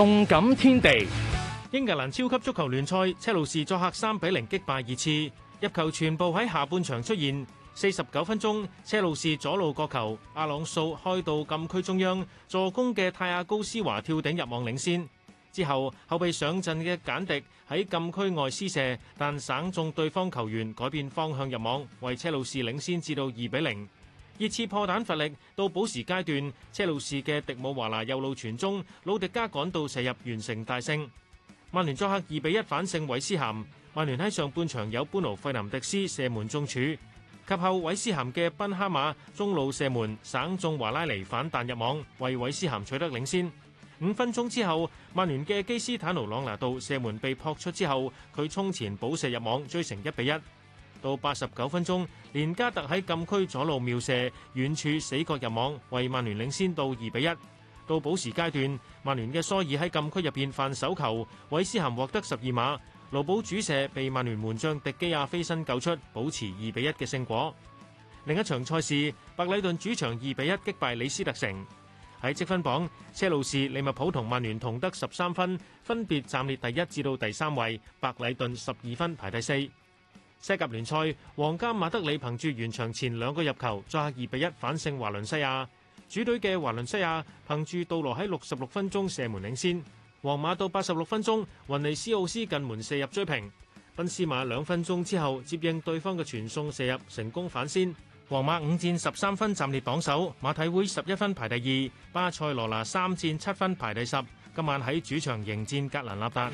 動感天地，英格蘭超級足球聯賽，車路士作客三比零擊敗熱刺，入球全部喺下半場出現。四十九分鐘，車路士左路角球，阿朗素開到禁區中央，助攻嘅泰亞高斯華跳頂入網領先。之後，後備上陣嘅簡迪喺禁區外施射，但省中對方球員改變方向入網，為車路士領先至到二比零。熱刺破蛋乏力，到補時階段，車路士嘅迪姆華拿右路傳中，魯迪加趕到射入完成大勝。曼聯作客二比一反勝韋斯咸，曼聯喺上半場有班奴費林迪斯射門中柱，及後韋斯咸嘅賓哈馬中路射門，省中華拉尼反彈入網，為韋斯咸取得領先。五分鐘之後，曼聯嘅基斯坦奴朗拿度射門被撲出之後，佢衝前補射入網追成一比一。到八十九分鐘，連加特喺禁區左路妙射，遠處死角入網，為曼聯領先到二比一。到補時階段，曼聯嘅蘇爾喺禁區入邊犯手球，韋斯咸獲得十二碼，盧保主射被曼聯門將迪基亞飛身救出，保持二比一嘅勝果。另一場賽事，白禮頓主場二比一擊敗李斯特城。喺積分榜，車路士、利物浦同曼聯同得十三分，分別暫列第一至到第三位，白禮頓十二分排第四。西甲聯賽，皇家馬德里憑住完場前兩個入球，作客二比一反勝華倫西亞。主隊嘅華倫西亞憑住杜羅喺六十六分鐘射門領先，皇馬到八十六分鐘，雲尼斯奧斯近門射入追平。賓斯馬兩分鐘之後接應對方嘅傳送射入成功反先。皇馬五戰十三分暫列榜首，馬體會十一分排第二，巴塞羅那三戰七分排第十。今晚喺主場迎戰格蘭納達。